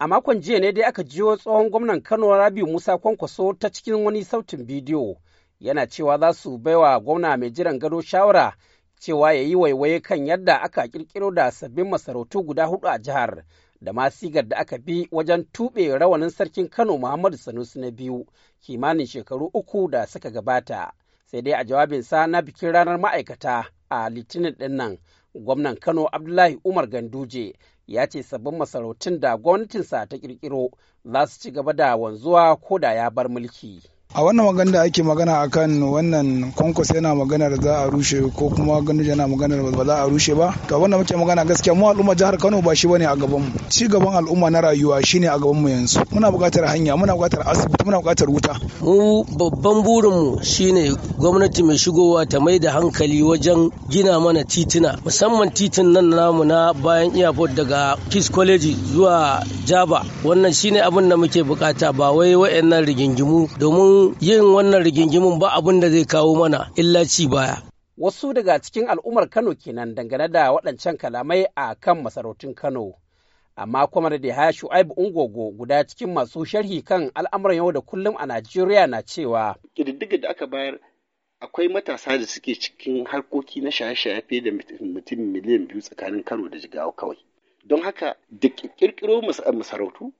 A makon jiya ne dai aka jiyo tsohon gwamnan Kano Rabi Musa Kwankwaso ta cikin wani sautin bidiyo yana cewa za su baiwa gwamna mai jiran gado shawara cewa ya yi waiwaye kan yadda aka kirkiro da sabbin masarautu guda hudu a jihar da ma sigar da aka bi wajen tuɓe rawanin sarkin Kano Muhammadu Sanusi na biyu kimanin shekaru uku da suka gabata. Sai dai a jawabinsa na bikin ranar ma'aikata a Litinin ɗinnan. gwamnan kano abdullahi umar ganduje ya ce sabbin masarautun da gwamnatinsa ta kirkiro za su ci gaba da wanzuwa ko da ya bar mulki a wannan magana da ake magana akan wannan kwankwas yana maganar za a rushe ko kuma ganduje yana maganar ba za a rushe ba to abin da muke magana gaskiya mu al'umma jihar Kano ba shi bane a gaban mu ci gaban al'umma na rayuwa shine a gaban mu yanzu muna buƙatar hanya muna buƙatar asibiti muna buƙatar wuta mu babban burin mu shine gwamnati mai shigowa ta mai da hankali wajen gina mana titina musamman titin nan namu na bayan airport daga Kiss College zuwa Jaba wannan shine abin da muke buƙata ba wai wayannan rigingimu domin yin wannan rigingimin ba abin da zai kawo mana illa ci baya. Wasu daga cikin al'ummar Kano kenan dangane da waɗancan kalamai a kan masarautun Kano. Amma kuma da haya Shu'aibu Ungogo guda cikin masu sharhi kan al'amuran yau da kullum a Najeriya na cewa. Ƙididdiga da aka bayar akwai matasa da suke cikin harkoki na shaye-shaye fiye da mutum miliyan biyu tsakanin Kano da Jigawa kawai. Don haka da ƙirƙiro masarautu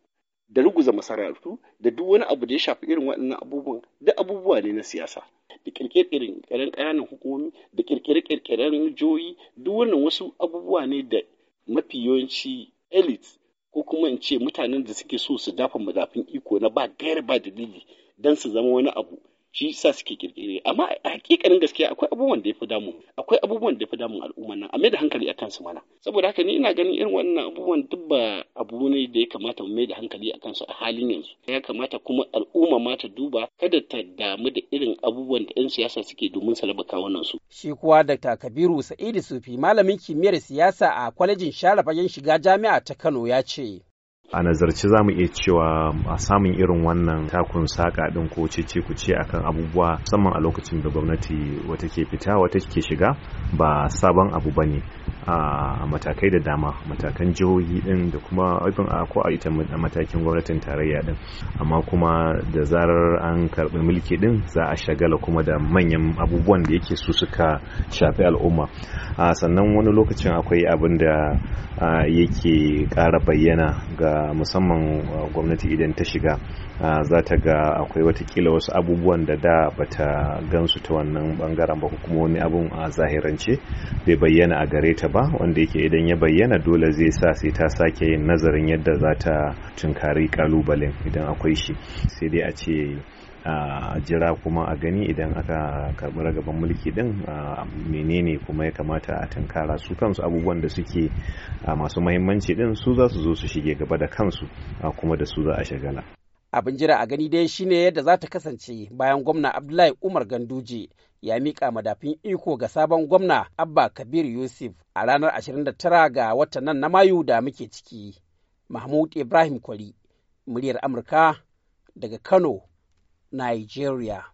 da ruguza masarartu da duk wani abu da ya shafi irin waɗannan abubuwan da abubuwa ne na siyasa da kirkirin ƙananan hukumomi da kirkire-kirkiren joyi duk wannan wasu abubuwa ne da mafi yawanci elite ko kuma in ce mutanen da suke so su dafa madafin iko na ba gaira ba dalili don su zama wani abu shi sa suke kirkire amma a hakikanin gaskiya akwai abubuwan da ya fi damu akwai abubuwan da ya fi damun al'umma nan a mai da hankali a kansu mana saboda haka ni ina ganin irin wannan abubuwan duk ba abu ne da ya kamata mu mai da hankali a kansu a halin yanzu ya kamata kuma al'umma ma ta duba kada ta damu da irin abubuwan da 'yan siyasa suke domin su raba su shi kuwa Dr. Kabiru Sa'idu Sufi malamin kimiyyar siyasa a kwalejin sharafa fagen shiga jami'a ta Kano ya ce a nazarci za mu iya cewa a samun irin wannan takun saƙa ɗin ko cece ku ce akan abubuwa musamman a lokacin da gwamnati wata ke fita wata ke shiga ba sabon abu ba ne a matakai da dama matakan jihohi ɗin, da kuma abin a ko a ita matakin gwamnatin tarayya ɗin, amma kuma da zarar an karɓi mulki ɗin za a shagala kuma da manyan abubuwan da yake su suka shafi al'umma A sannan wani lokacin akwai abin da yake ƙara bayyana ga Uh, musamman uh, gwamnati idan ta shiga uh, za ta ga akwai watakila wasu abubuwan da da bata gansu ta wannan bangaren ba kuma wani abun a zahirance bai bayyana a gare ta ba wanda yake idan ya bayyana dole zai sa sai ta sake yin nazarin yadda za ta tunkari kalubalen idan akwai shi sai dai a ce a jira kuma a gani idan aka karbi ragaban mulki din menene kuma ya kamata a tunkara su kansu abubuwan da suke masu mahimmanci din su za su zo su shige gaba da kansu kuma da su za a shagala abin jira a gani dai shine yadda za ta kasance bayan gwamna abdullahi umar ganduje ya miƙa madafin iko ga sabon gwamna abba kabir yusuf a ranar 29 ga watan nan na mayu da muke ciki mahmud ibrahim kwari muryar amurka daga kano Nigeria